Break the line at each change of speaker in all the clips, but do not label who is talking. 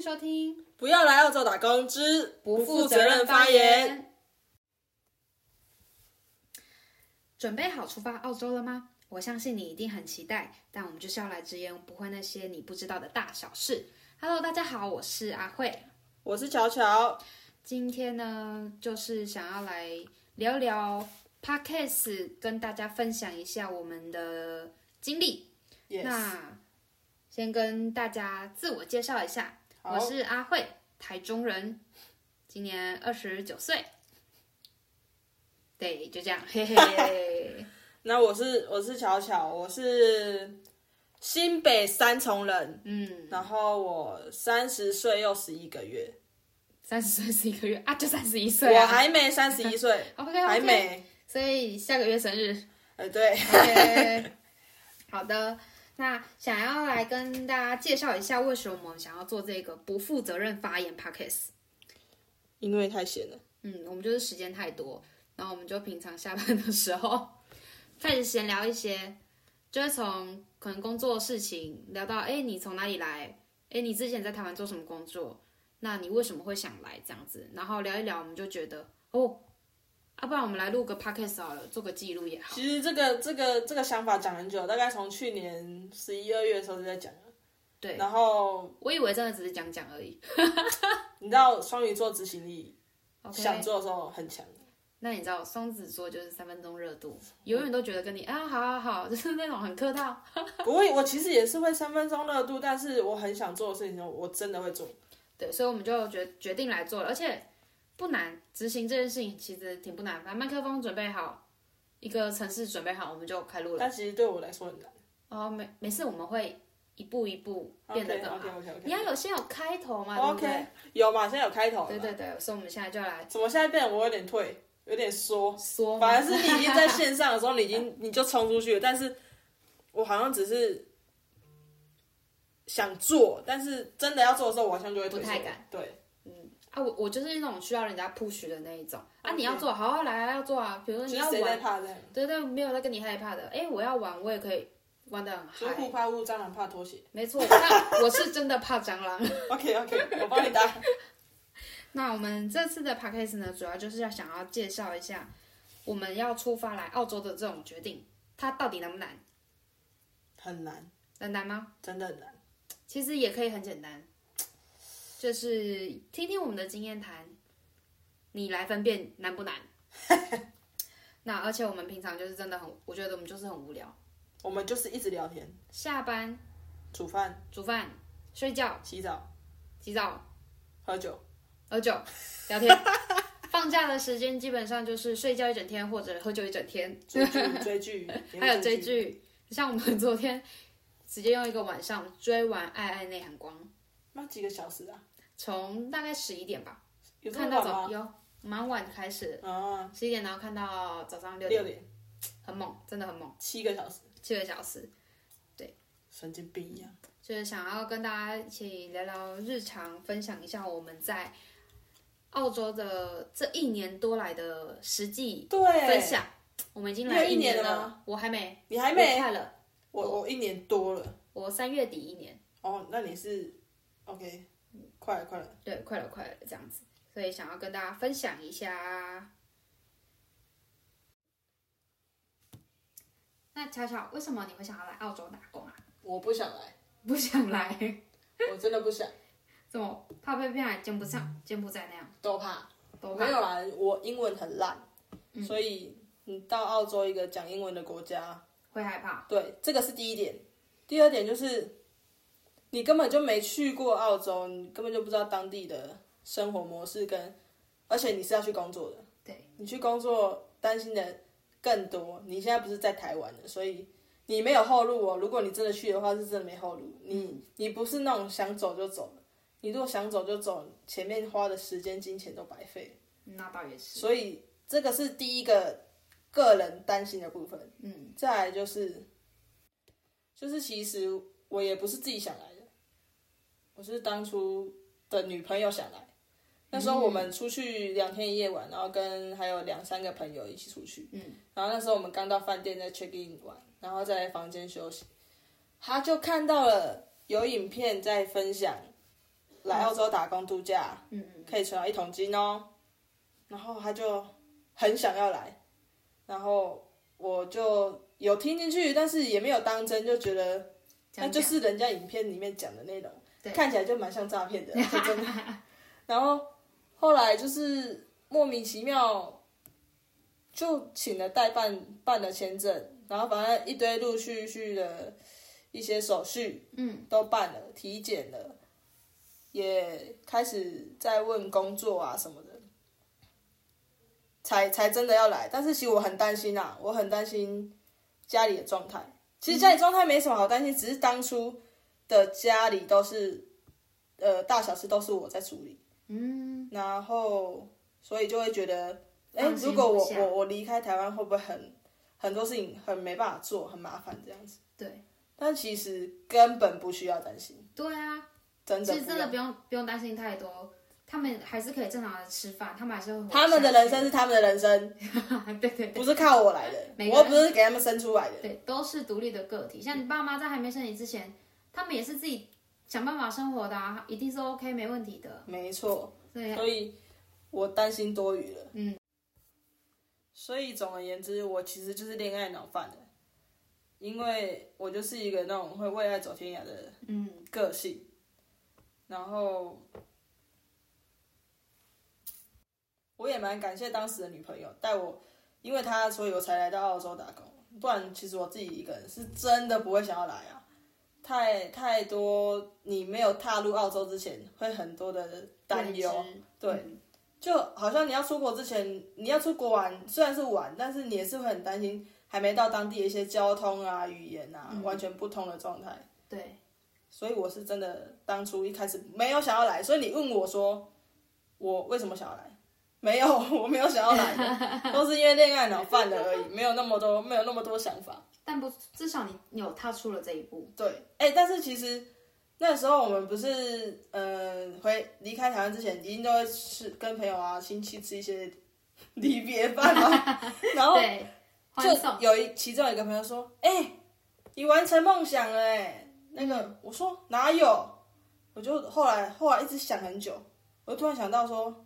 收聽，
不要來澳洲打工之不負責任
發言。發言準備好出發澳洲了嗎？我相信你一定很期待，但我們就是要來直言不諱，那些你不知道的大小事。Hello，大家好，我是阿慧，我是喬喬。今天呢，就是想要來聊聊 Podcast，跟大家分享一下我們的經歷。Yes. 那先跟大家自我介紹一下。我是阿慧，台中人，今年二十九歲。對，就這樣，
嘿嘿。 那我是我是巧巧，我是新北三重人，嗯，然後我三十歲又十一個月，
三十歲十一個月啊，就三十一歲。我還沒三十一歲，OK，還沒。所以下個月生日，呃，對。 okay, 好的。那想要來跟大家介紹一下，為什麼我們想要做這個不負責任發言 podcast？因為太閒了，嗯，我們就是時間太多，然後我們就平常下班的時候開始閒聊一些，就會、是、從可能工作的事情聊到，哎、欸，你從哪裡來？哎、欸，你之前在台灣做什麼工作？那你為什麼會想來這樣子？然後聊一聊，我
們就覺得哦。要、啊、不然我們來錄個 podcast 好了，做個記錄也好。其實這個這個這個想法講很久，大概從去年十一二月的時候就在講了。對。然後我以為真的只是講講而已。 你知道雙魚座執行力，okay, 想做的時候很強。那你知道雙子座就是三分鐘熱度，永遠都覺得跟你啊好好好，就是那種很客套。 不會，我其實也是會三分鐘熱度，但是我很想做的事情，我我真的會做。對，所以我們就決決定來做了，而且。不難，
執行這件事情其實挺不難，把麥克風準備好，一個城市準備好，我們
就開錄了。但其實對我來說
很難。哦、oh,，沒沒事，我們會一步一步變得更好、okay, okay, okay, okay, okay. 你要有先有開頭嘛，o Okay , k
有嘛，先有開頭。對對對，所以我們現在就來。怎麼現在變？我有點退，有點縮縮。反而嗎是你已經在線上的時候，你已經 你就衝出去了，但是我好像只是想做，但是真的要做的時候，我好像就會退不太敢。對。
我我就是那種需要人家 push 的那一種啊！你要做 Okay. 好好來啊，要做啊。比如說你要玩，怕的對，對對，沒有在跟你在害怕的。哎、欸，我要玩，我也可以玩的很 high。蜘蛛怕屋，蟑螂怕拖鞋。沒錯，那我是真的怕蟑螂。 OK
OK，我幫你答。
那我們這次的 podcast 呢，主要就是要想要介紹一下，我們要出發來澳洲的這種決定，它到底難不難？很難。難，難嗎？真的很難。其實也可以很簡單。就是聽聽我們的經驗談，你來分辨難不難。 那而且我們平常就是真的很，我覺得我們就是很無聊。我們就是一直聊天，下班，煮飯飯，煮飯，睡覺，洗澡，洗澡，喝酒，喝酒，聊天。 放假的時間基本上就是睡覺一整天，或者喝酒一整天。追劇，
追劇，還有追劇。 追
像我們昨天直接用一個晚上追完《愛愛內含光》。幾個小時啊？從大概十一點吧，看到早有蠻晚開始，十一點然後看到早上六點，很猛，真的很猛，
七個小時，七個小時，對，神經病一樣，就
是想要跟大家一起聊聊日常，分享一下我們在澳洲的這一年多來的實際對分享。我們已經來一年了。我還沒，你還沒，
我我一年多了，我三月底一年。哦，那你
是？OK、嗯、快了快了。對，快了快了這樣子，所以想要跟大家分享一下。那巧巧，為什麼你會想要來澳洲打工啊？我不想來，不想來，
我真的不想。
怎麼？怕被騙，還柬埔寨，柬、嗯、埔寨那樣，
都怕。都怕。沒有啦，我英文很爛，嗯、所以你到澳洲一個講英文的國家，會害怕。對，這個是第一點。第二點就是。你根本就沒去過澳洲，你根本就不知道當地的生活模式跟，而且你是要去工作的，對，你去工作擔心的更多。你現在不是在台灣的，所以你沒有後路哦。如果你真的去的話，是真的沒後路。嗯，你你不是那種想走就走，你如果想走就走，前面花的時間金錢都白費。那倒也是。所以這個是第一個個人擔心的部分。嗯，再來就是，就是其實我也不是自己想來的。我是當初的女朋友想來，那時候我們出去兩天一夜玩，嗯，然後跟還有兩三個朋友一起出去，嗯，然後那時候我們剛到飯店在 check in 玩，然後在房間休息，他就看到了有影片在分享，來澳洲打工度假，嗯，可以存到一桶金哦，然後他就很想要來，然後我就有聽進去，但是也沒有當真，就覺得那就是人家影片裡面講的那種。對看起來就蠻像詐騙的，真的。 然後後來就是莫名其妙就請了代辦辦了簽證，然後反正一堆陸陸續續的一些手續，嗯，都辦了，嗯、體檢了，也開始在問工作啊什麼的，才才真的要來。但是其實我很擔心啊，我很擔心家裡的狀態。其實家裡狀態沒什麼好擔心，嗯、只是當初。的家裡都是，呃，大小事都是我在處理，嗯，然後所以就會覺得，哎，如果我我我離開台灣，會不會很很多事情很沒辦法做，很麻煩這樣子？對，但其實根本不需要擔心，對啊，真的，其實真的不用
不用擔心太多，他們還是可以正常的吃飯，他們還是會，他們的人
生是他們的人生， 對對，對，對，不是靠我來的，我又不是給他們生出來的，對，都是獨立的個體，
像你爸媽在還沒生你之前。嗯他們也是自己想辦法生活的啊，一定是 OK 沒問題的。沒
錯，所以我擔心多餘了。嗯，所以總而言之，我其實就是戀愛腦犯的。因為我就是一個那種會為愛走天涯的
嗯
個性。嗯，然後我也蠻感謝當時的女朋友帶我，因為她所以我才來到澳洲打工，不然其實我自己一個人是真的不會想要來啊。太太多，你沒有踏入澳洲之前，會很多的擔憂，對，對對，就好像你要出國之前，你要出國玩，雖然是玩，但是你也是會很擔心，還沒到當地的一些交通啊、語言啊，嗯、完全不通的狀態，對，所以我是真的當初一開始沒有想要來，所以你問我說，我為什麼想要來？沒有，我沒有想要來的，都是因為戀愛腦犯了而已， 沒有那麼多，沒有那麼多想法。但不，至少你，你有踏出了這一步。對，哎、欸，但是其實那時候我們不是，嗯、呃，回離開台灣之前，一定都會吃跟朋友啊、親戚吃一些離別飯嘛。 然後就有一其中有一個朋友說：“哎、欸，你完成夢想了哎、欸。”那個我說：“哪有？”我就後來後來一直想很久，我就突然想到說：“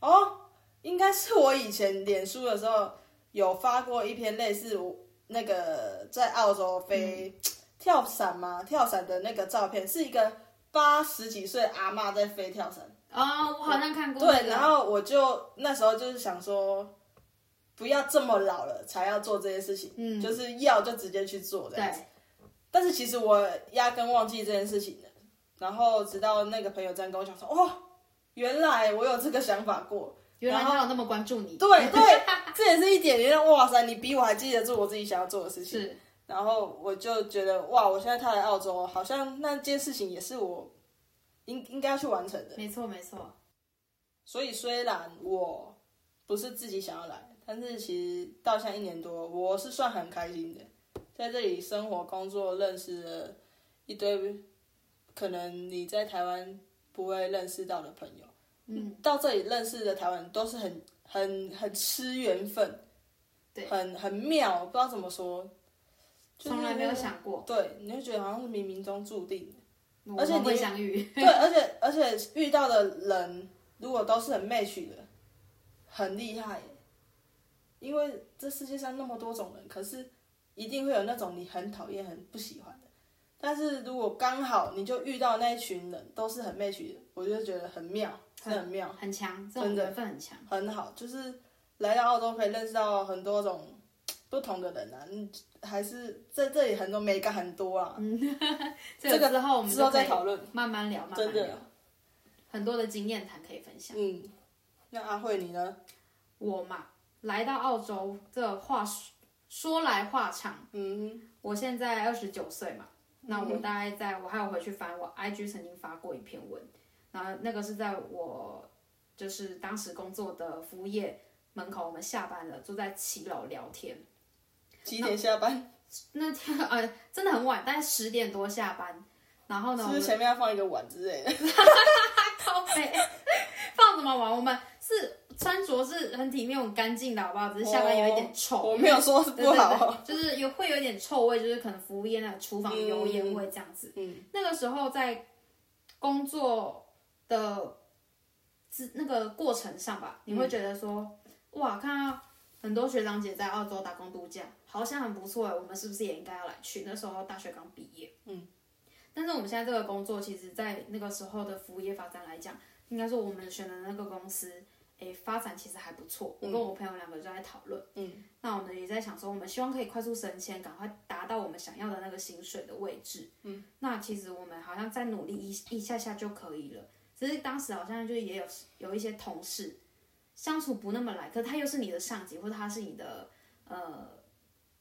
哦，應該是我以前臉書的時候有發過一篇類似我。”那個在澳洲飛跳傘嗎？嗯、跳傘的那個照片是一個八十幾歲阿嬤在飛跳傘。哦，
我好像看過。對，那個、然後
我就那時候就是想說，不要這麼老了才要做這些事情，嗯、就是要就直接去做對這樣對。但是其實我壓根忘記這件事情了，然後直到那個朋友這樣跟我講說，哦，原來我有這個想法過。
原來他
有那麼關注你後， 對對，這也是一點。原來哇塞，你比我還記得住我自己想要做的事情。是，然後我就覺得哇，我現在他來澳洲，好像那件事情也是我應應該要去完成的。沒錯沒錯。所以雖然我不是自己想要來，但是其實到現在一年多，我是算很開心的，在這裡生活、工作，認識了一堆可能你在台灣不會認識到的朋友。嗯，到這裡認識的台灣人都是很很很吃緣分，對，很很妙，我不知道怎麼說，從來沒有想過，對，你就覺得好像是冥冥中注定的，而且你會相遇，嗯、對，而且而且遇到的人如果都是很 match 的，很厲害耶，因為這世界上那麼多種人，可是一定會有那種你很討厭、很不喜歡的，但是如果剛好你就遇到那一群人都是很 match 的，我就覺得很妙。很妙，很強，很這種很真的緣分很強，很好。就是來到澳洲可以認識到很多種不同的人吶、啊，還是在這裡很多美感很多啊。嗯，
這個之後我們之後再討論，
慢慢聊，真的，很多的經驗才可以分享。嗯，那阿慧你呢？
我嘛，來到澳洲這話說來話長。嗯，我現在二十九歲嘛，
那我大
概在，嗯、我還有回去翻我 IG 曾經發過一篇文。然後那個是在我就是當時工作的服務業門口，我們下班了，坐在七樓聊天。七點下班那，那天，啊、呃、真的很晚，大概十點多下班。然後呢？就是，是不是前面要放一個碗之類的？寶貝、 哎，放什麼碗？我們是穿着是很體面、很乾淨的，好不好？只是下班有一點臭、
哦。我沒有說是不好，對對對就
是有會有點臭味，就是可能服務業的廚房油煙味這樣子。嗯，嗯那個時候在工作。的，那個過程上吧，你會覺得說，嗯、哇，看到很多學長姐在澳洲打工度假，好像很不錯、欸，我們是不是也應該要來去？那時候大學剛畢業，
嗯，
但是我們現在這個工作，其實，在那個時候的服務業發展來講，應該說我們選的那個公司，哎、欸，發展其實還不錯。我跟我朋友兩個就在討論，嗯，那我們也在想說，我們希望可以快速升遷，趕快達到我們想要的那個薪水的位置，嗯，那其實我們好像再努力一一下下就可以了。只是當時好像就也有有一些同事相處不那麼來，可是他又是你的上級，或者他是你的呃，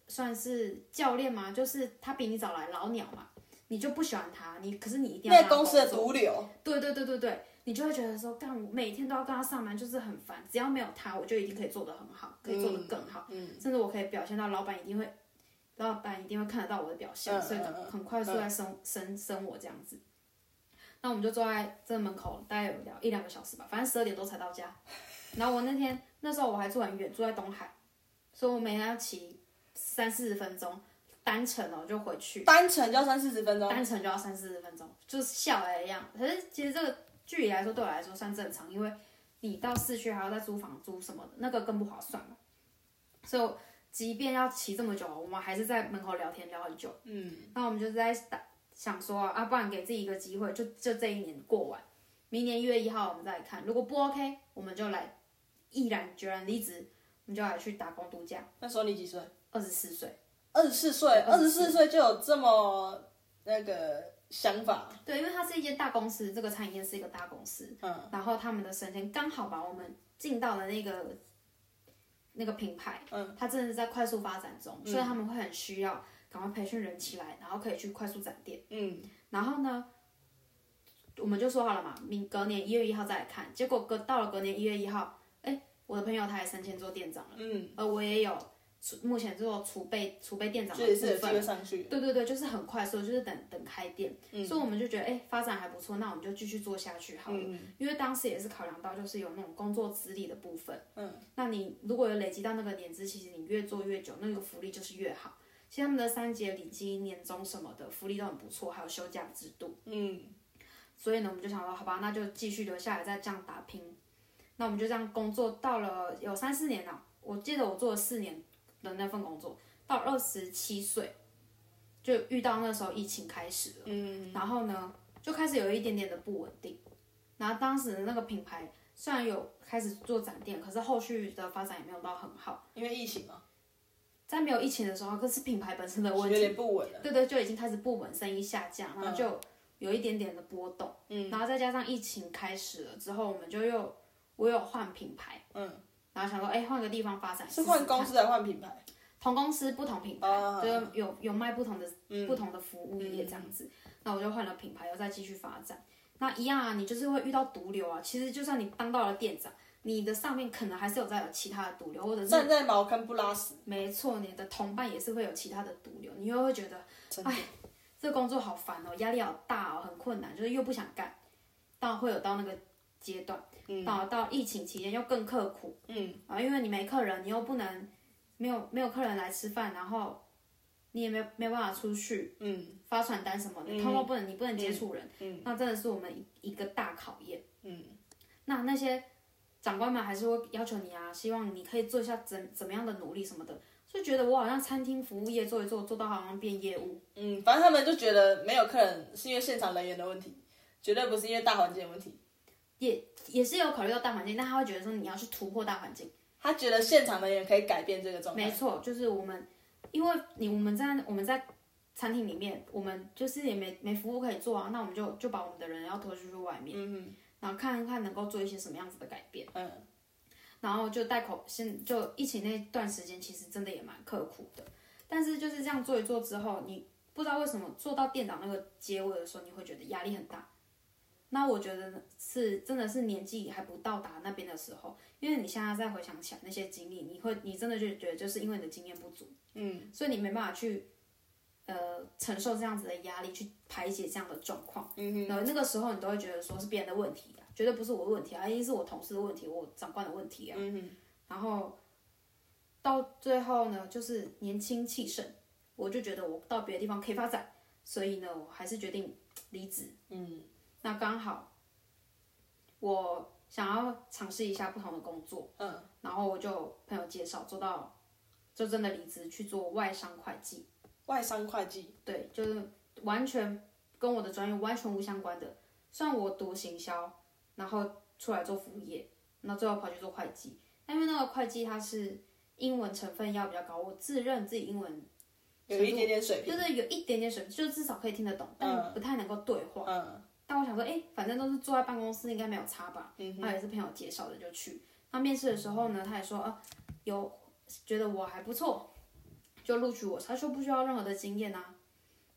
算是教練嘛，就是他比你早來老鳥嘛，你就不喜歡他，你可是你一定要。那公司的毒瘤。對對對對對，你就會覺得說，幹我每天都要跟他上班，就是很煩。只要沒有他，我就一定可以做得很好，嗯、可以做得更好，嗯、甚至我可以表現到老闆一定會，老闆一定會看得到我的表現，嗯嗯，所以很快速在升、嗯、升升我這樣子。那我們就坐在這門口，大概有聊一兩個小時吧，反正十二點多才到家。然後我那天那時候我還住很遠，住在東海，所以我每天要騎三四十分鐘單程哦，就回去。單程就要三四十分鐘，單程就要三四十分鐘，就下來一樣。可是其實這個距離來說，對我來說算正常，因為你到市區還要再租房租什麼的，那個更不划算了，所以即便要騎這麼久，我們還是在門口聊天聊很久。嗯，那我們就是在打。想說啊，不然給自己一個機會，就就這一年過完，明年一月一號我們再來看。如果不 OK，我們就來毅然
決然離職，我們就來去打工度假。那時候你幾歲？二十四歲。二十四歲，二十四歲就有這麼那個想法？對，因為它是一間大公
司，這個餐飲業是一個大公司。嗯。然後他們的神仙剛好把我們進到了那個那個品牌，嗯，它真的是在快速發展中，所以他們會很需要。趕快培訓人起來，然後可以去快速展店。嗯，然後呢，我們就說好了嘛，明隔年一月一號再來看。結果隔到了隔年一月一號，哎、欸，我的朋友他也升遷做店長了。嗯，而我也有儲，目前做儲備儲備店長的部分。是是對對對，就是很快速，就是等等開店。嗯、所以我們就覺得哎、欸，發展還不錯，那我們就繼續做下去好了。嗯、因為當時也是考量到，就是有那種工作資歷的部分。嗯，那你如果有累積到那個年資，其實你越做越久，那個福利就是越好。其實他們的三節禮金、年終什麼的福利都很不錯，還有休假制度。嗯，所以呢，我們就想說，好吧，那就繼續留下來，再這樣打拼。那我們就這樣工作到了有三四年了，我記得我做了四年的那份工作，到二十七歲就遇到那時候疫情開始了。嗯，嗯，然後呢，就開始有一點點的不穩定。然後當時那個品牌雖然有開始做展店，可是後續的發展也沒有到很好，因為疫情嘛。在沒有疫情的時候，可是品牌本身的問題，有點不穩了，對對，就已經開始不穩，生意下降，然後就有一點點的波動，嗯，然後再加上疫情開始了之後，我們就又我有換品牌，嗯，然後想說，哎、欸，換個地方發展試試，是換公司還換品牌？同公司不同品牌，啊、就是有有賣不同的、嗯、不同的服務業這樣子，那我就換了品牌，又再繼續發展，那一樣啊，你就是會遇到毒瘤啊，其實就算你當到了店長。你的上面可能還是有在有其他的毒瘤，或者是站在茅坑不拉屎。沒錯，你的同伴也是會有其他的毒瘤，你又會覺得，哎，這工作好煩哦、喔，壓力好大哦、喔，很困難，就是又不想幹。到會有到那個階段，嗯、到到疫情期間又更刻苦，嗯，啊，因為你沒客人，你又不能沒有沒有客人來吃飯，然後你也沒有沒有辦法出去，嗯，發傳單什麼的，嗯、通通不能，你不能接觸人，嗯，嗯，嗯，那真的是我們一一個大考驗，嗯，那那些長官們還是會要求你啊，希望你可以做一下怎怎麼樣的努力什麼的，就覺得我好像餐廳服務業做一做，做到
好像變業務。嗯，反正他們就覺得沒有客人是因為現場人員的問題，絕對不是因為大環境的問題。
也也是有考慮到大環境，但他會覺得說你要去突破大環境，
他覺得現場人員可以改變這個狀態。沒錯，
就是我們，因為你我們在我們在餐廳裡面，我們就是也沒沒服務可以做啊，那我們就就把我們的人要拖出去，去外面。嗯看看能夠做一些什麼樣子的改變，嗯，然後就戴口，現就疫情那段時間，其實真的也蠻刻苦的。但是就是這樣做一做之後，你不知道為什麼做到店長那個結尾的時候，你會覺得壓力很大。那我覺得是真的是年紀還不到達那邊的時候，因為你現在再回想起來那些經歷，你會你真的就覺得就是因為你的經驗不足，嗯，所以你沒辦法去。呃，承受這樣子的壓力，去排解這樣的狀況，嗯哼，那個時候你都會覺得說是別人的問題啊，絕對不是我的問題啊，一定是我同事的問題，我長官的問題啊，嗯哼，然後到最後呢，就是年輕氣盛，我就覺得我到別的地方可以發展，所以呢，我還是決定離職，嗯，那剛好我想要嘗試一下不同的工作，嗯，然後我就朋友介紹做到，就真的離職去做外商會計。外商會計，對，就是完全跟我的專業完全無相關的。雖然我讀行銷，然後出來做服務業，然後最後跑去做會計。但因為那個會計它是英文成分要比較高，我自認自己英文有一點點水平，就是有一點點水平，就至少可以聽得懂，但不太能夠對話。嗯嗯、但我想說，哎，反正都是坐在辦公室，應該沒有差吧？他、嗯哼啊、也是朋友介紹的就去。他面試的時候呢，他也說，啊，有覺得我還不錯。就錄取我，他說不需要任何的經驗啊。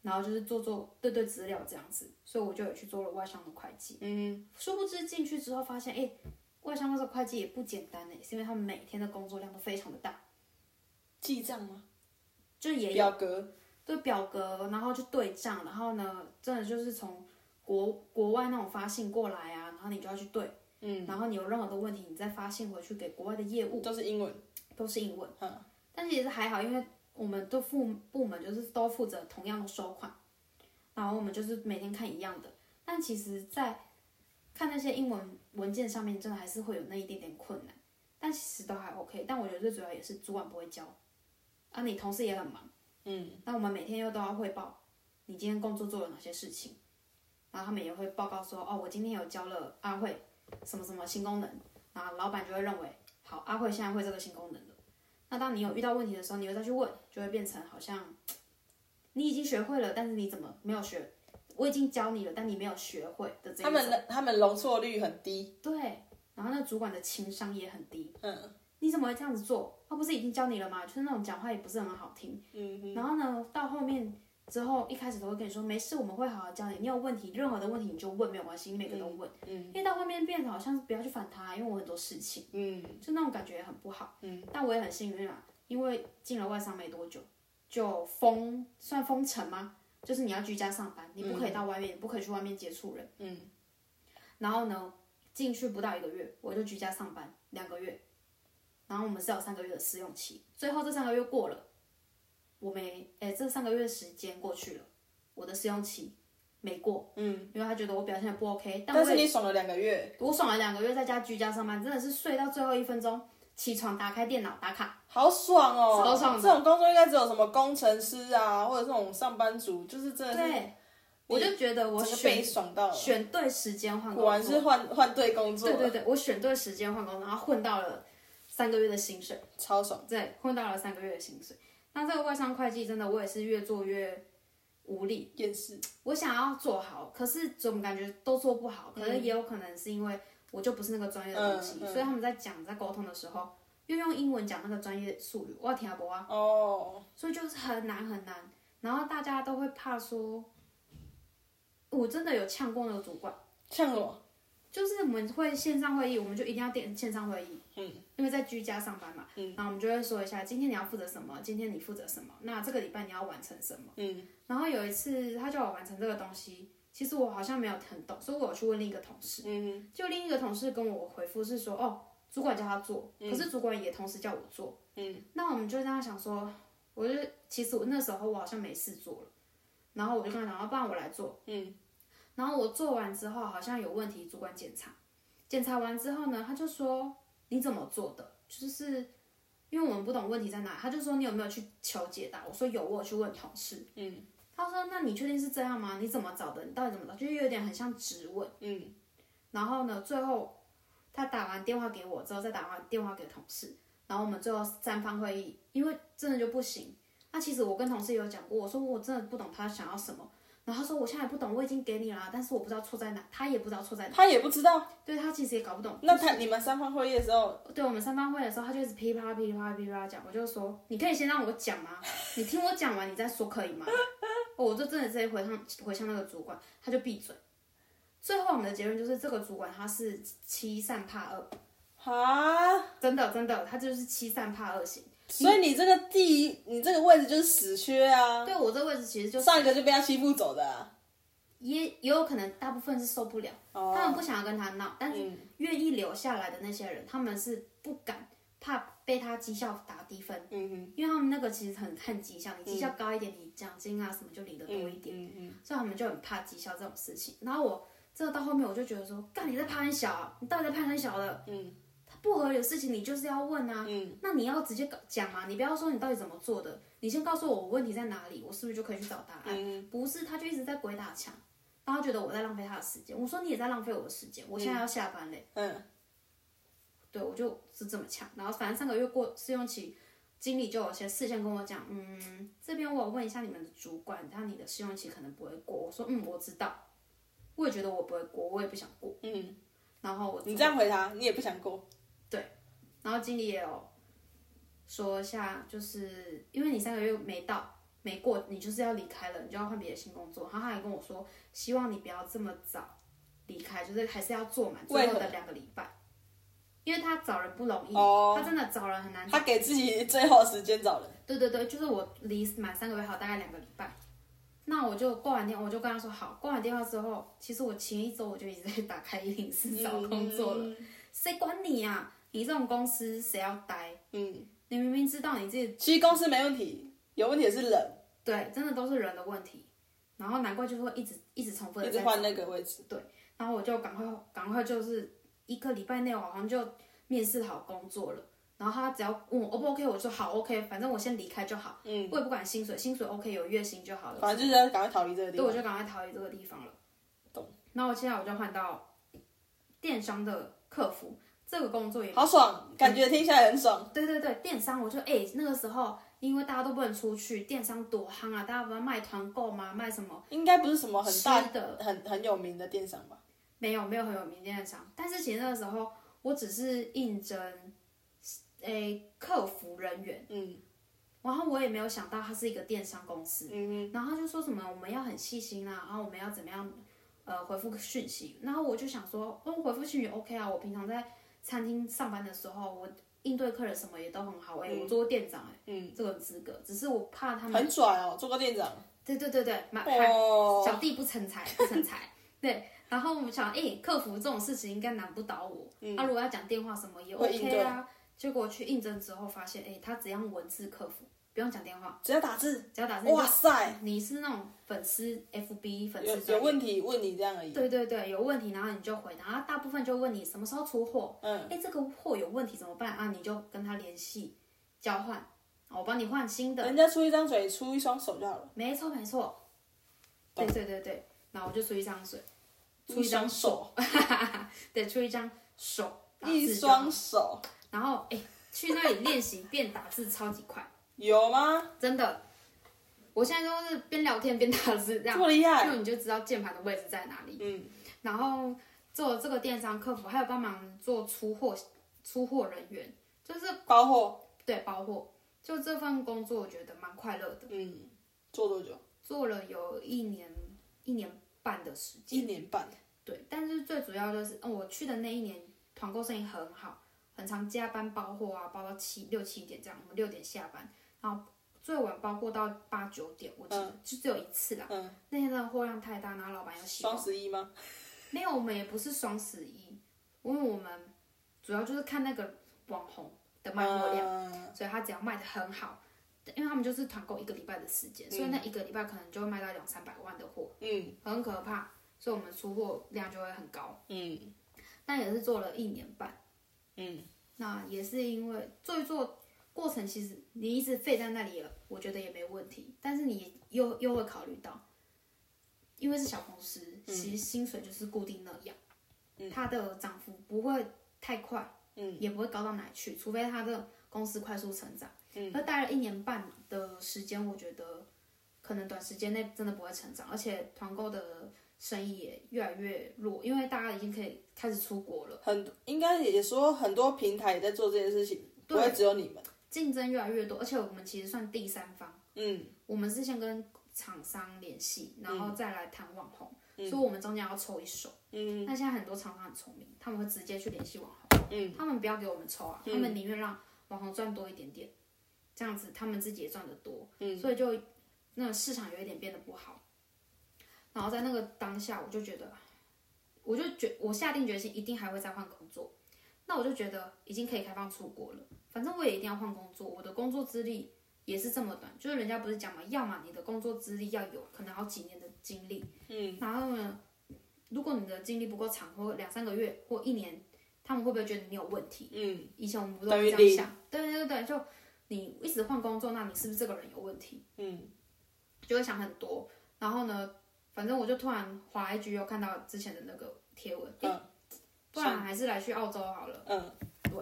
然後就是做做對對資料這樣子，所以我就有去做了外商的會計。嗯，殊不知進去之後發現，哎、欸，外商那個會計也不簡單呢、欸，是因為他們每天的工作量都非常的大。記賬嗎？就也有表格，對表格，然後去對賬，然後呢，真的就是從國國外那種發信過來啊，然後你就要去對，嗯，然後你有任何的問題，你再發信回去給國外的業務，都是英文，都是英文。嗯哈，但是也是還好，因為。我們的副部門就是都負責同樣的收款，然後我們就是每天看一樣的。但其實，在看那些英文文件上面，真的還是會有那一點點困難。但其實都還 OK。但我覺得最主要也是主管不會教，啊，你同事也很忙，嗯。那我們每天又都要匯報，你今天工作做了哪些事情，然後他們也會報告說，哦，我今天有教了阿慧什麼什麼新功能，然後老闆就會認為，好，阿慧現在會這個新功能。那當你有遇到問題的時候，你又再去問，就會變成好像你已經學會了，但是你怎麼沒有學？我已經教你了，但你沒有學會的這他們
他們容錯率很低。
對。然後那主管的情商
也很低。嗯。
你怎麼會這樣子做？他、啊、不是已經教你了嗎？就是那種講話也不是很好聽。嗯哼。然後呢，到後面。之後一開始都會跟你說沒事，我們會好好教你。你有問題，任何的問題你就問沒有關係，你每個都問。嗯，嗯，因為到後面變得好像是不要去煩他，因為我很多事情。嗯，就那種感覺很不好。嗯，但我也很幸運啦、啊，因為進了外商沒多久，就封，算封城嗎？就是你要居家上班，你不可以到外面，嗯、你不可以去外面接觸人。嗯，然後呢，進去不到一個月，我就居家上班兩個月，然後我們是有三個月的試用期，最後這三個月過了。我沒，哎、欸，這三個月時間過去了，我的試用期沒過，嗯，因為他覺得我表現不 OK，
但，但是你爽了兩個月，我爽了兩
個月，在家居家上班，真的是睡到最後一分鐘，起床打開電腦打卡，
好爽哦，超爽，哦！這種工作應該只有什麼工程師啊，或者這種上班族，就是真的是，對，你我就覺得我選爽到，選對時
間換工作，果然是
換換對工作，對對對，我選對時間換工作，然後混到了三
個月的薪水，超爽，對，混到了三個月的薪水。那這個外商會計真的，我也是越做越無力。也是，我想要做好，可是總感覺都做不好。嗯、可能也有可能是因為我就不是那個專業的東西，嗯嗯、所以他們在講在溝通的時候，又用英文講那個專業術語，我要聽不啊。哦。所以就是很難很難，然後大家都會怕說，我真的有嗆過那個主管。嗆我。就是我們會線上會議，我們就一定要點線上會議，
嗯、
因為在居家上班嘛。嗯，然後我們就會說一下，今天你要負責什麼，今天你負責什麼，那這個禮拜你要完成什麼。嗯、然後有一次他叫我完成這個東西，其實我好像沒有聽懂，所以我有去問另一個同事，嗯，就另一個同事跟我回復是說，哦，主管叫他做，可是主管也同時叫我做。嗯，那我們就這樣想說，我就其實我那時候我好像沒事做了，然後我就跟他講，要、嗯、不然我來做。嗯。」然後我做完之後，好像有問題，主管檢查，檢查完之後呢，他就說你怎麼做的，就是因為我們不懂問題在哪，他就說你有沒有去求解答？我說有，我有去問同事。嗯，他說那你確定是這樣嗎？你怎麼找的？你到底怎麼找？就是有點很像質問。嗯，然後呢，最後他打完電話給我之後，再打完電話給同事，然後我們最後三方會議，因為真的就不行。那其實我跟同事也有講過，我說我真的不懂他想要什麼。然後他說我現在也不懂，我已經給你了，但是我不知道錯在哪，他也不知道錯在哪，他也不知道，對，他其實也搞不懂。那他是你
們三方會議的時候，對，我們三方會議的時候，
他就一直噼啪噼啪噼啪、噼啪、噼啪講，我就說你可以先讓我講嗎？ 你聽我講完你再說可以嗎？ oh, 我就真的直接回向回向那個主管，他就閉嘴。最後我們的結論就是這個主管他是欺善怕惡，
啊， 真的真的，他就是欺善怕惡型。所以你這個第一，你這個位置就是死缺啊。對，我
這位置其實就上一個就被他欺負走的，也也有可能大部分是受不了，他們不想要跟他鬧，但是願意留下來的那些人，他們是不敢怕被他績效打低分，因為他們那個其實很看績效，你績效高一點，你獎金啊什麼就領的多一點，所以他們就很怕績效這種事情。然後我這到後面我就覺得說，幹，你在怕很小，你到底在怕很小的？嗯。不合理的事情你就是要問啊，嗯、那你要直接講嘛、啊，你不要說，你到底怎麼做的，你先告訴我，我問題在哪裡，我是不是就可以去找答案？嗯、不是，他就一直在鬼打牆，然後他覺得我在浪費他的時間。我說你也在浪費我的時間，我現在要下班嘞、欸嗯。嗯，對我就是這麼強。然後反正上個月過試用期，經理就有些事先跟我講，嗯，這邊我有問一下你們的主管，他你的試用期可能不會過。我說嗯，我知道，我也覺得我不會過，我也不想過。嗯，然後，我後你這樣回答，你也不想過。然後經理也有、哦，說一下，就是因為你三個月沒到沒過，你就是要離開了，你就要換別的新工作。然後他也跟我說，希望你不要這麼早離開，就是還是要做滿最後的兩個禮拜，為何因為他找人不容易，oh, 他真的找人很難，
他給自己最後時間找人。
對對對，就是我離滿三個月還有大概兩個禮拜，那我就掛完電，我就跟他說好。掛完電話之後，其實我前一周我就一直在打開104找工作了，嗯、誰管你呀、啊？你這種公司誰要待？嗯，你明明知道你自己。其實公司沒問題，
有問題是人。
對，真的都是人的問題。然後難怪就是會一直一直重複的在換
那個位置。對，
然後我就趕快趕快就是一個禮拜內，我好像就面試好工作了。然後他只要問我 O 不 OK，我就說好 OK，反正我先離開就好。嗯，我也不，不管薪水，薪水 OK 有月薪就好了。反正就是要趕快逃離這個地方。對，我就趕快逃離這個地方了。嗯、懂。然後現在我就換到電商的客服。這個工作也好爽，感覺聽起來很爽。嗯、對對對，電商，我就哎、欸、那個時候，因為大家都不能出去，電商多夯啊，大家不是賣團購嗎？賣什麼？應該不是什麼很大
的、很很有名的電商吧？沒
有，沒有很有名的電商。但是其實那個時候，我只是應徵，哎，客服人員。嗯，然後我也沒有想到它是一個電商公司。嗯嗯，然後他就說什麼我們要很細心啊，然後我們要怎麼樣呃回復訊息？然後我就想說，哦，回復訊息 OK 啊，我平常在。餐廳上班的時候，我應對客人什麼也都很好。哎、嗯欸，我做過店長、欸，嗯，這個資格，只是我怕他們很拽哦，
做過店長。
對對對對、哦，小弟不成才，不成才。 對，然後我們想，哎、欸，客服這種事情應該難不倒我。他、嗯啊、如果要講電話什麼，也 OK 啊。應結果去應徵之後，發現哎、欸，他怎樣文字客服？不用講電話，
只要打字，只要打字。哇塞，
你是那種粉絲，FB 粉絲？有問題問你這樣而已。對對對，有問題，然後你就回答。大部分就問你什麼時候出貨。嗯，哎、欸，這個貨有問題怎麼辦啊？你就跟他聯繫，交換。我幫你換新的。人家出一張嘴，出一雙手就好了。沒錯沒錯，對、哦、對對對，那我就出一張嘴，
出一張手。
哈哈哈， 對，出一張手，一雙手。然後哎、欸，去那裡練習變打字，超級快。 有嗎？真的，我現在都是邊聊天邊打字，這樣就你就知道鍵盤的位置在哪裡。嗯，然後做這個電商客服，還有幫忙做出貨出貨人員，就是包貨。對，包貨。就這份工作，我覺得蠻快樂的。嗯，做多久？做了有一年一年半的時間。一年半。對，但是最主要就是，哦、我去的那一年團購生意很好，很常加班包貨啊，包到七六七點這樣，我們六點下班。然後最晚包括到八九點，我記得就只有一次啦。嗯。嗯，那天的貨量太大，然後老闆要洗。雙十一嗎？沒有，我們也不是雙十一，因為我們主要就是看那個網紅的賣貨量，嗯、所以他只要賣的很好，因為他們就是團購一個禮拜的時間，嗯、所以那一個禮拜可能就會賣到兩三百萬的貨，嗯，很可怕，所以我們出貨量就會很高，嗯。但也是做了一年半，嗯，那也是因為做一做。過程其實你一直廢在那裡了，我覺得也沒問題。但是你又又會考慮到，因為是小公司，其實薪水就是固定那樣，它、嗯、的漲幅不會太快，嗯、也不會高到哪去。除非它的公司快速成長，嗯、而待了一年半的時間，我覺得可能短時間內真的不會成長，而且團購的生意也越來越弱，因為大家
已經可以開始出國了。很應該也說很多平台也在做這件事情，對，還只有你們。
競爭越來越多，而且我們其實算第三方，
嗯，我們是先跟
廠商聯繫，然後再來談網紅，嗯、所以我們中間要抽一手，嗯。那現在很多廠商很聰明，他們會直接去聯繫網紅，嗯、他們不要給我們抽啊，嗯、他們寧願讓網紅賺多一點點，這樣子他們自己也賺得多，嗯、所以就那個、市場有一點變得不好，然後在那個當下，我就覺得，我就覺我下定決心一定還會再換工作，那我就覺得已經可以開放出國了。反正我也一定要換工作，我的工作資歷也是這麼短。就是人家不是講嘛，要麼你的工作資歷要有可能好幾年的經歷，嗯，然後呢，如果你的經歷不夠長，或兩三個月或一年，他們會不會覺得你有問題？嗯，以前我們不都這樣想？對，對對對，就你一直換工作，那你是不是這個人有問題？
嗯，
就會想很多。然後呢，反正我就突然滑一局，又看到之前的那個貼文，嗯，欸，不然還是來去澳洲好了。嗯，對。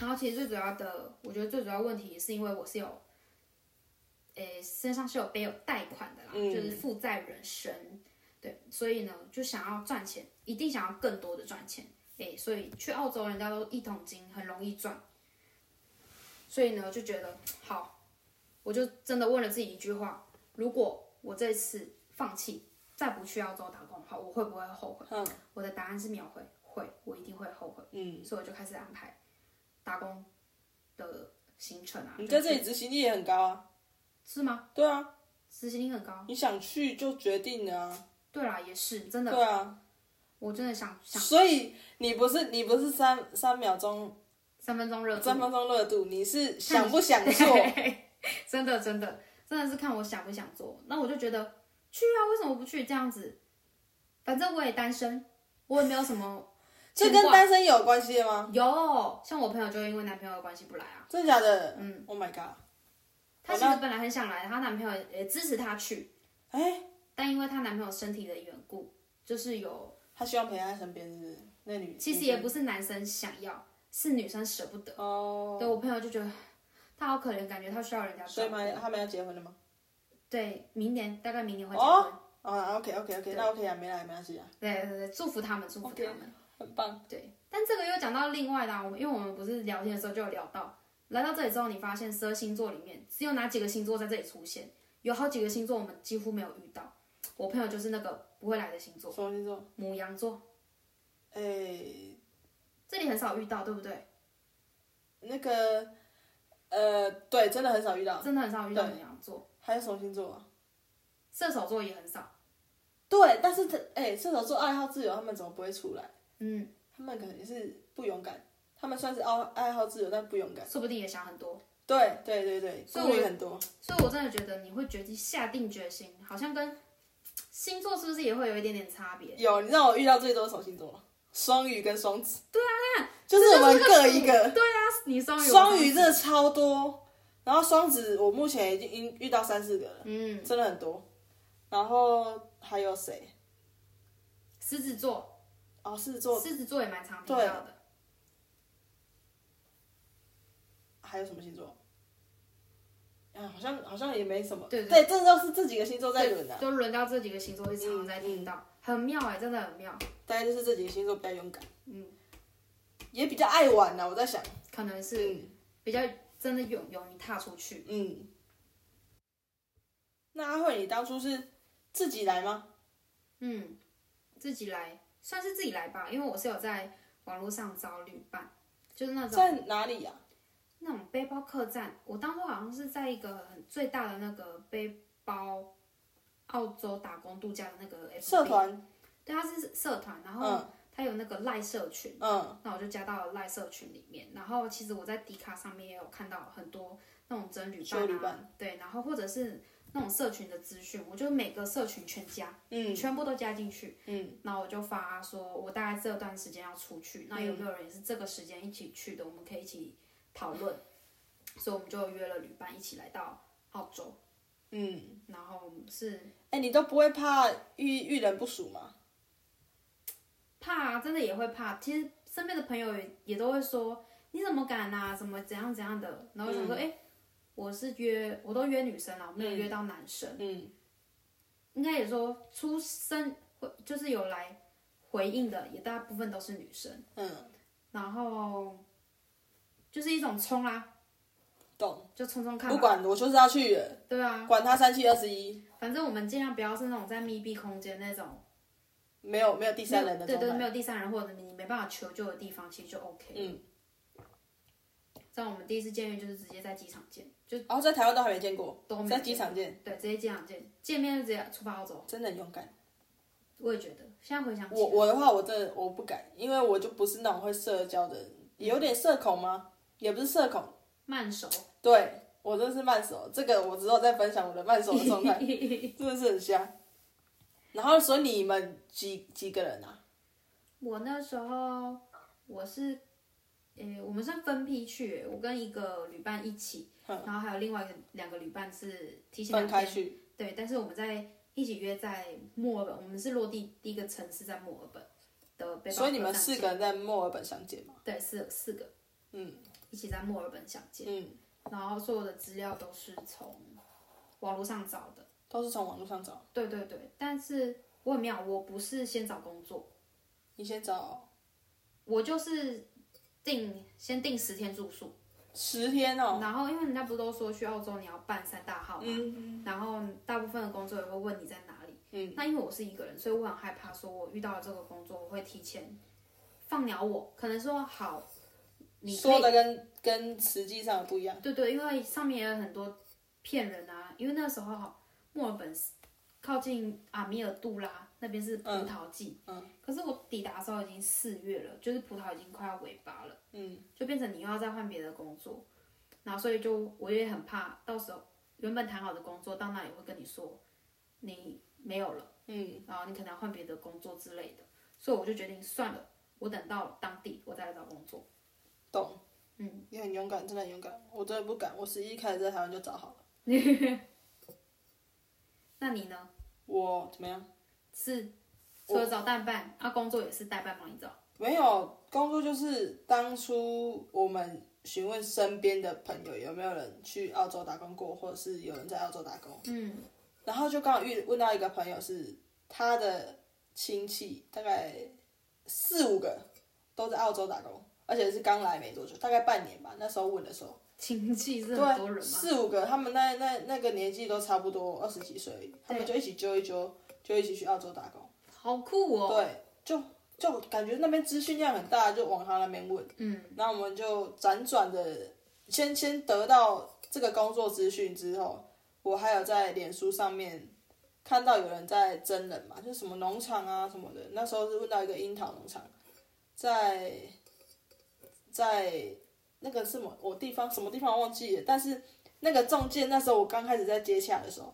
然後其實最主要的，我覺得最主要問題也是因為我是有，誒身上是有背有貸款的啦，嗯、就是負債人生，對，所以呢就想要賺錢，一定想要更多的賺錢，誒，所以去澳洲人家都一桶金很容易賺，所以呢就覺得好，我就真的問了自己一句話，如果我這次放棄再不去澳洲打工的話，我會不會後悔？嗯、我的答案是秒回，會，我一定會後悔。嗯、所以我就開始安排。打工的行程啊，你在這裡執行
力也很高啊，是嗎？對啊，執行力很高。你想去就決定了啊。對，對啊，也是真的。對啊，我真的想想。所以你不是你不是三三秒鐘三分鐘熱度，三分鐘熱度，你是想不想做？ 真的真的真的是看我想不想做。
那我就覺得去啊，為什麼不去？這樣子，反正我也單身，我也沒有什麼。
這跟單身有關係嗎？
有，像我朋友就因為男朋友的關係不來啊。嗯、真的假的？嗯。Oh my god！她其實本來很想來，她男朋友也支持她去。欸、但因為她男朋友身體的緣故，就是有。她希望陪他在身邊是，是那
女。其實也不
是男生想要，是女生捨不得。哦。Oh. 對，我朋友就覺得她好可憐，感覺她需要人家照顧。所以他們要結婚了嗎？對，明年大概明年會
結婚。哦。啊，OK OK OK，對那 OK 啊，沒來沒關係啊
對。對對對，祝福他們，祝福他們。Okay. 很棒，對，但這個又講到另外的、啊、我們因為我們不是聊天的時候就有聊到，來到這裡之後，你發現十二星座裡面只有哪幾個星座在這裡出現？有好幾個星座我們幾乎沒有遇到。我朋友就是那個不會來的星座，什麼星座？牡羊座，
哎、欸，這裡很少遇到，對不對？那個，呃，對，真的很少遇到，真的很少遇到牡羊座。還有什麼星座、啊？射手座也很少，對，但是這哎、欸，射手座愛好自由，他們怎麼不會出來？嗯，他們可能也是不勇敢，他們算是愛愛好自由，但不勇敢，說不定也想很多。對對對對，所以顧慮很多。所以，我真的覺得你會決定下
定決心，好像跟星座是不是也會有一點點差
別？有，你知道我遇到最多的什麼星座嗎？雙魚跟雙子。對啊，你就是我們各一個，個。對啊，你雙魚，雙魚真的超多。嗯，然後雙子，我目前已經遇到三四個了。嗯，真的很多。然後還有誰？獅子座。哦，獅子座，獅子座也蠻常聽到的對。還有什麼星座？啊、好像好像也沒什麼。對對，對，對，這都
是這幾個星座在輪的、啊。就輪到這幾個星座會常，常在聽到，嗯嗯、很妙哎、欸，真的很妙。
大概就是這幾個星座比較勇敢，嗯，
也比較愛玩呢、啊。我在想，可能是、嗯、
比較真的勇，勇於踏出去。嗯。那阿慧，你當初是自己來嗎？嗯，自己來。算
是自己來吧，因為我是有在網絡上找旅伴，就是那種在哪裡啊？那種背包客棧。我當初好像是在一個最大的那個背包澳洲打工度假的那個、FP、社團，對，它是社團，然後它有那個賴社群，嗯，那我就加到賴社群裡面。然後其實我在迪卡上面也有看到很多那種真旅伴們、啊，旅對，然後或者是。那種社群的資訊，我就每個社群全加，嗯，全部都加進去，嗯，然後我就發說，我大概這段時間要出去，嗯、那有沒有人也是這個時間一起去的？我們可以一起討
論，嗯、所以我們就約了旅伴一起來到澳洲，嗯，
然
後是，哎、欸，你都不會怕遇遇人不淑嗎？
怕、啊，真的也會怕。其實身邊的朋友也都會說，你怎麼敢啊？怎麼怎樣怎樣的？然後我想說，哎、嗯。我是約，我都約女生啦，我沒有約到男生。嗯，嗯，應該也說出生會就是有來回應的，也大部分都是女生。嗯，然後就是一種衝啦、啊，懂？就衝衝看。不管我
就是要去。
對啊，管他三七二十一。反正我們盡量不要是那種在密閉空間那種，沒有
沒有第三人的，對，對對，沒有
第三人或者你沒辦法求救的地方，其實就 OK。嗯。這樣我們第一次見面就是直接在機場見。
就後、哦、在台灣都還沒見過，
見在機場見，對，直接機場見，見面就直接出發走，真的很勇敢。我也覺得，現在回想，我我的話，我
真的我不敢，因為我就不是那種會社交的人，嗯、有點社恐嗎？也不是社恐，
慢熟熟。對，
對我真的是慢熟。這個我之後再分享我的慢熟的狀態， 真的是很瞎。然後，所以你們幾幾個人啊？我那時候
我是。呃、欸，我們算分批去，欸，我跟一個旅伴一起，嗯、然後還有另外一個兩個旅伴是提前分開去。對，但是我們在一起約在墨爾本，我們是落地第一個城市在墨爾本的背包客棧見。所以你們四
個人在墨爾本相見嗎？
對，是四個，四個嗯，一起在墨爾本相見，嗯，然後所有的資料都是從網絡上找的，都是從網絡上找，對對對，但是我很妙，我不是先找工作，你先找，我就是。定，先定十天住宿，十天哦。然後因為人家不都說去澳洲你要辦三大號嘛。嗯，然後大部分的工作也會問你在哪裡。嗯，那因為我是一個人，所以我很害怕，說我遇到了這個工作，我會提前放鳥我。我可能說好，
你說的跟跟
實際上不一樣。對對，因為上面也有很多騙人啊。因為那時候墨爾本靠近阿米爾杜拉，那邊是葡萄季，嗯嗯、可是我抵達的時候已經四月了，就是葡萄已經快要尾巴了，嗯，就變成你又要再換別的工作，然後所以就我也很怕到時候原本談好的工作到那裡會跟你說你沒有了，嗯，然後你可能要換別的工作之類的，所以我就決
定算了，我等到當地我再來找工作。懂，嗯，你很勇敢，真的很勇敢，我真的不敢，我是一開始在台灣就找好了。 那你呢？我怎麼樣？是，除了找代辦，我啊，工作也是代辦幫你找。沒有，工作就是當初我們詢問身邊的朋友有沒有人去澳洲打工過，或者是有人在澳洲打工。嗯，然後就剛好遇問到一個朋友是，是他的親戚，大概四五個都在澳洲打工，而且是剛來沒多久，大概半年吧。那時候問的時候，
親戚是很多人
嗎？四五個，他們那那那個年紀都差不多二十幾歲，對他們就一起揪一揪。就一起去澳洲打工，好酷哦！對，就就感覺那邊資訊量很大，就往他那邊問。嗯，那我們就輾轉的，先先得到這個工作資訊之後，我還有在臉書上面看到有人在徵人嘛，就什麼農場啊什麼的。那時候是問到一個櫻桃農場，在在那個什麼我地方什麼地方忘記了，但是那個中介那時候我剛開始在接洽的時候。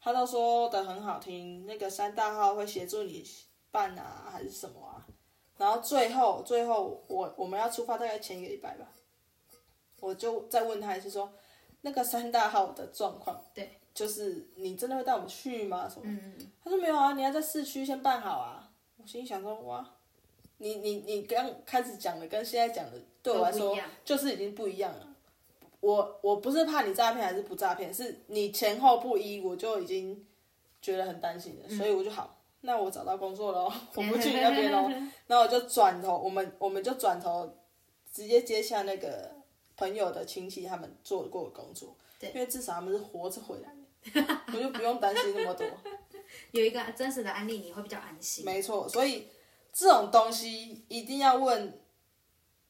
他都說的很好聽，那個三大號會協助你辦啊，還是什麼啊？然後最後最後我我們要出發大概前一個禮拜吧，我就再問他一次，是說那個三大號的狀況，對，就是你真的會帶我們去嗎？什麼？嗯，他說沒有啊，你要在市區先辦好啊。我心想說，哇，你你你剛開始講的跟現在講的對我來說就是已經不一樣了。我我不是怕你詐騙還是不詐騙，是你前後不一，我就已經覺得很擔心了。所以我就好，那我找到工作嘍，我不去你那邊嘍。那 我就轉頭，我們我們就轉頭，直接接下那個朋友的親戚他們做過的工作，對因為至少他們是活着回來的，我就不用擔心那麼多。 有一個真實的案例，你會比較安心。沒錯，所以這種東西一定要問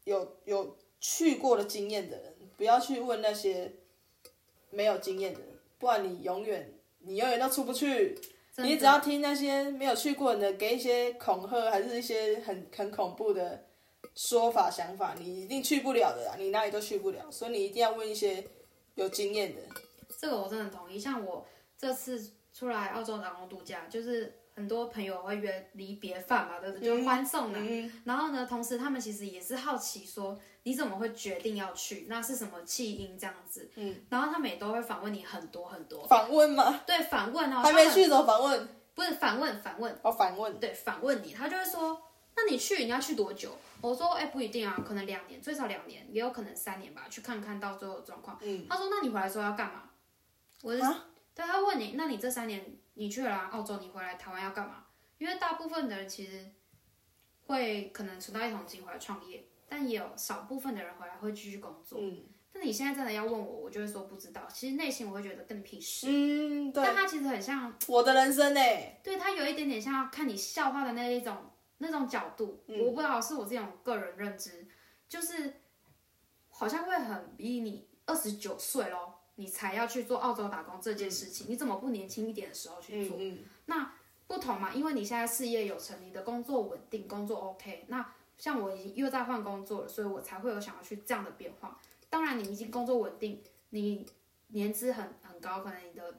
有有去過的經驗的人。不要去問那些沒有經驗的，不然你永遠你永遠都出不去。真的。你只要聽那些沒有去過人的給一些恐嚇，還是一些很很恐怖的說法想法，你一定去不了的啦，你哪裡都去不了。所以你一定要問一些有經驗的。這個我真的很同意，像我這次
出來澳洲打工度假，就是很多朋友會約離別飯嘛，就是歡送、嗯、嗯嗯然後呢，同時他們其實也是好奇說。你怎麼會決定要去？那是什麼契機這樣子？嗯，然後他們也都會訪問你很多很多。訪問嗎？對，訪問啊。他還沒去怎麼訪問？不是，反問，反問。問哦，反問。對，反問你。他就會說，那你去，你要去多久？我說，哎，不一定啊，可能兩年，最少兩年，也有可能三年吧，去看看到最後的狀況。嗯。他說，那你回來之後要幹嘛？我說、啊、對他問你，那你這三年你去了、啊、澳洲，你回來台灣要幹嘛？因為大部分的人其實會可能存到一桶金，回來創業。但也有少部分的人回來會繼續工作。嗯，但你現在真的要問我，我就會說不知道。其實內心我會覺得更屁事。嗯，但他其實很像
我的人生呢、欸。
對，他有一點點像看你笑話的那一種那種角度。嗯、我不知道是我這種個人認知，就是好像會很逼你二十九歲咯，你才要去做澳洲打工這件事情。嗯、你怎麼不年輕一點的時候去做？嗯嗯、那不同嘛，因為你現在事業有成，你的工作穩定，工作 OK 那。那像我已經又在換工作了，所以我才會有想要去這樣的變化。當然，你已經工作穩定，你年資很很高，可能你的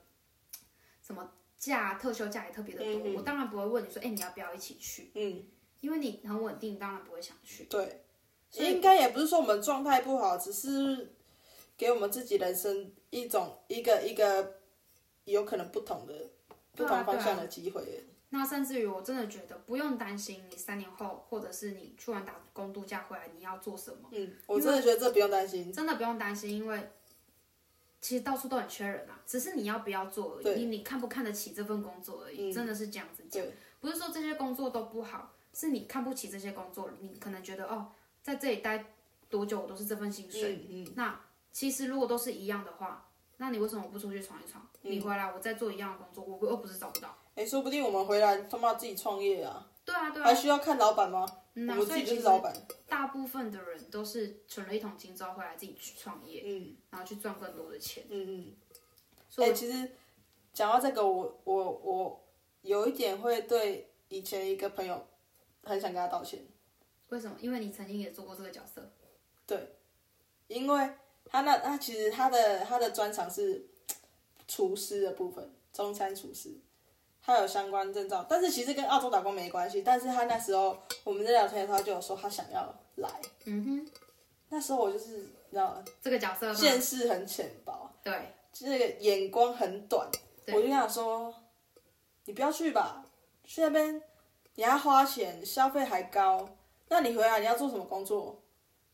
什麼假，特休假也特別的多。嗯、我當然不會問你說，哎，欸，你要不要一起去？嗯，因為你很穩定，當然不會想去。對，
所以應該也不是說我們狀態不好，只是給我們自己人生一種一個一個有可能不同的對啊對啊不同方向的機會。
那甚至於我真的覺得不用擔心，你三年後，或者是你去完打工度假回來，你要做什麼？嗯，我真的覺
得這不用擔心，真的不用
擔心，因為其實到處都很缺人啊，只是你要不要做而已，對你你看不看得起這份工作而已，嗯、真的是這樣子講，對不是說這些工作都不好，是你看不起這些工作，你可能覺得哦，在這裡待多久我都是這份薪水，嗯，嗯，那其實如果都是一樣的話，那你為什麼不出去闖一闖？嗯、你回來我再做一樣的工作，我
又不是找不到。哎、欸，說不定我們回來他們要自己創業啊！對啊,對啊，對啊，還需要看老板嗎？嗯啊、我自己就是老板。
大部分的人都是存了一桶金，之後回來自己去創
業，嗯，然後去賺更多的錢，嗯嗯。哎、欸，其實講到這個，我我我有一點會對以前一個朋友很想跟他道歉。
為什麼？因為你曾經也做過這個角色。
對，因為他那他其實他的他的專長是廚師的部分，中餐廚師。他有相關證照，但是其實跟澳洲打工沒關係。但是他那時候我們在聊天的時候就有說他想要來，嗯哼。那時候我就是你知道嗎，這個角色見識很淺薄，對，這個眼光很短。對我就跟他說，你不要去吧，去那邊你要花錢，消費還高。那你回來你要做什麼工作？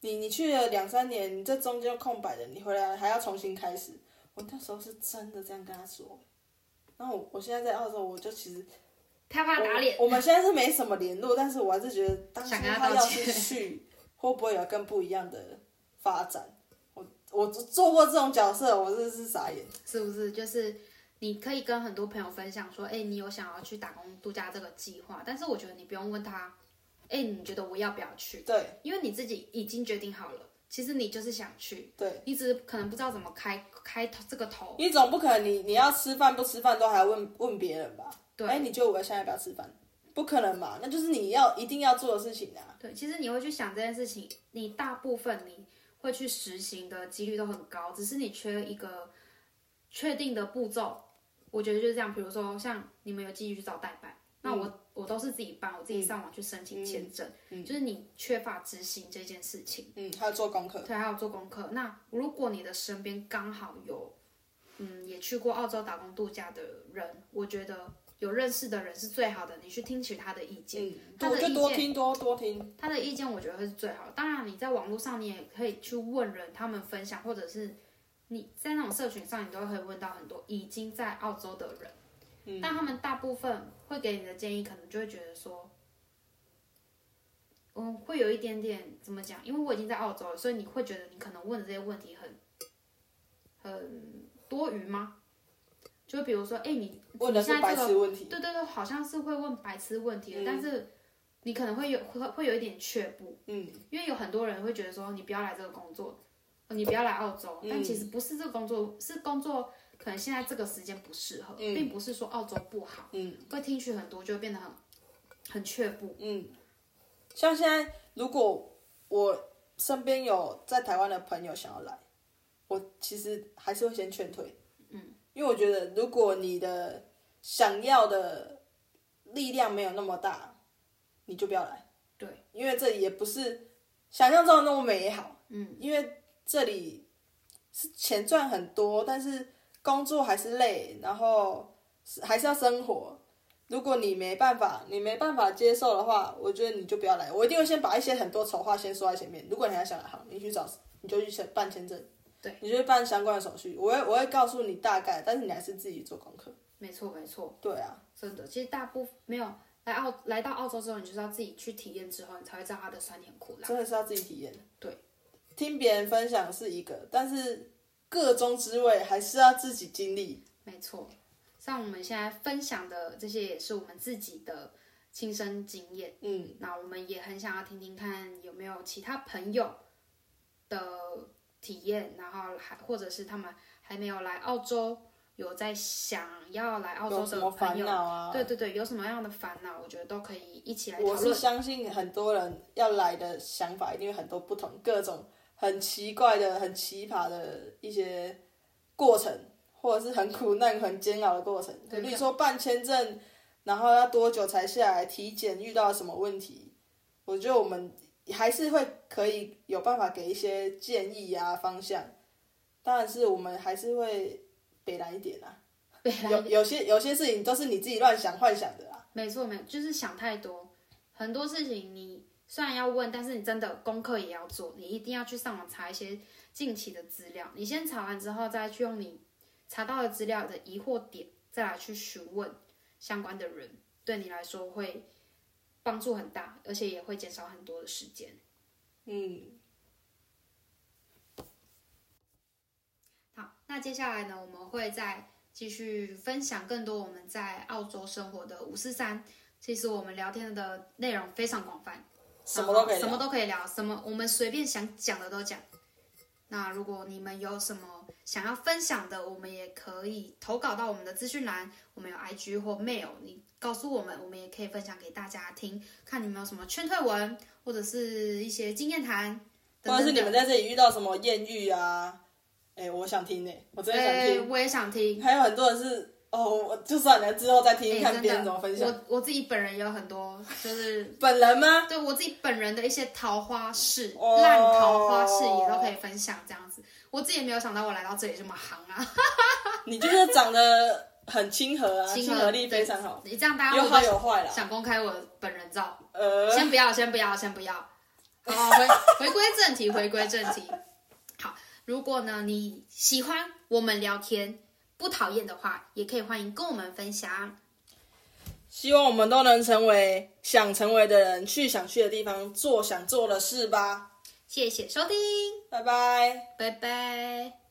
你你去了兩三年，你這中間空白的，你回來還要重新開始。我那時候是真的這樣跟他說。那我我現在在澳洲，我就其實怕他怕打臉。我們現在是沒什麼聯絡，但是我還是覺得當時他要是去，會不會有更不一樣的發展？我我做過這種角色，我真的是傻眼。是不是就是你可以跟很多朋友
分享說，哎、欸，你有想要去打工度假這個計劃，但是我覺得你不用問他，哎、欸，你覺得我要不要去？對，因為你自己已經決定好了，其實你就是想去，對，你只是可能不知道怎麼開開頭這個頭，你
總不可能你你要吃飯不吃飯都還要問問別人吧？對，哎、欸，你就我要下一秒要吃飯？不可能嘛，那就是你要一定要做的事情啊。對，其實你會去想這件事情，你大部分你會去實行的幾率
都很高，只是你缺一個確定的步驟。我覺得就是這樣，比如說像你們有繼續去找代班，那我、嗯、我都是自己辦，我自己上網去申請簽證。嗯、就是你缺乏執行這件事情。嗯，還要做功課。對，還要做功課。那如果你的身邊剛好有，嗯，也去過澳洲打工度假的人，我覺得有認識的人是最好的。你去聽取他的意見，嗯、他的意見多聽多多聽，多多聽他的意見我覺得會是最好。當然，你在網絡上你也可以去問人，他們分享，或者是你在那種社群上，你都會問到很多已經在澳洲的人。但他們大部分會給你的建議，可能就會覺得說，嗯，會有一點點怎麼講？因為我已經在澳洲了，所以你會覺得你可能問的這些問題很，很多餘嗎？就比如說，哎、欸，你問的是白痴問題，你現在這個，對對對，好像是會問白痴問題的，嗯，但是你可能會有會會有一點卻步，嗯，因為有很多人會覺得說，你不要來這個工作，你不要來澳洲，嗯，但其實不是這個工作，是工作。可能現在這個時間不適合，嗯、並不是說
澳洲不好，會、嗯、聽取很多，就會變得很很卻步。嗯，像現在，如果我身邊有在台灣的朋友想要來，我其實還是會先勸退。嗯，因為我覺得，如果你的想要的力量沒有那麼大，你就不要來。對，因為這裡也不是想象中的那麼美好。嗯，因為這裡是錢賺很多，但是。工作還是累，然後還是要生活。如果你沒辦法，你沒辦法接受的話，我覺得你就不要來。我一定會先把一些很多醜話先說在前面。如果你還想來，好，你去找，你就去辦簽證，對，你就去辦相關的手續。我會我會告訴你大概，但是你還是自己做功課。沒錯，沒錯。對啊，真的，其實大部分沒有來澳來到澳洲之後，你就是要自己去體驗之後，你才會知道它的酸甜苦辣。真的是要自己體驗。對，聽別人分享是一個，但是。個中滋味還是要自己經歷。沒錯，像我們現在
分享的這些也是我們自己的親身經驗。嗯，那我們也很想要聽聽看有沒有其他朋友的體驗，然後還或者是他們還沒有來澳洲，有在想要來澳洲什麼煩惱啊？對對對，有什麼樣的煩惱，我覺得都可以一
起來討論。我是相信很多人要來的想法一定有很多不同，各種。很奇怪的，很奇葩的一些過程，或者是很苦難、很煎熬的過程，比吧如說辦簽證，然後要多久才下來，體檢遇到什麼問題，我覺得我們還是會可以有辦法給一些建議啊、方向。當然是我們還是會北來一點啊，北來一點，有有些有些事情都是你自己亂想、幻想的啦、啊。
沒錯，沒錯，就是想太多，很多事情你。雖然要問，但是你真的功課也要做，你一定要去上網查一些近期的資料。你先查完之後，再去用你查到的資料的疑惑點，再來去詢問相關的人，對你來說會幫助很大，而且也會減少很多的時間。嗯，好，那接下來呢，我們會再繼續分享更多我們在澳洲生活的五四三。其實我們聊天的內容非常廣泛。
什麼,都可以什麼都
可以聊，什麼我們隨便想講的都講。那如果你們有什麼想要分享的，我們也可以投稿到我們的資訊欄，我們有 IG 或 mail，你告訴我們，我們也可以分享給大家聽，看你們有什麼勸退文，或者是一些經驗談，
或者是你們在這裡遇到什麼豔遇啊？哎，我想聽呢，我真的想聽，我也想聽，還有很多人是。哦，就算了，之後再聽一看別人怎麼分享。
我我自己本人也有很多，就是
本人嗎？對我自
己本人的一些桃花事、爛桃花事也都可以分享這樣子。我自己也沒有想到我來到這裡這麼行啊！哈哈
哈。你就是長得很親和啊，親和力非
常好。你這樣大家有好有壞了。想公開我本人照？呃，先不要，先不要，先不要。好，回回歸正題，回歸正題。好，如果呢你喜歡我們聊天。不討厭的話，也可以歡迎跟我們分享。
希望我們都能成為想成為的人，去想去的地方，做想做的事吧。謝謝收聽，拜拜，拜拜。拜拜。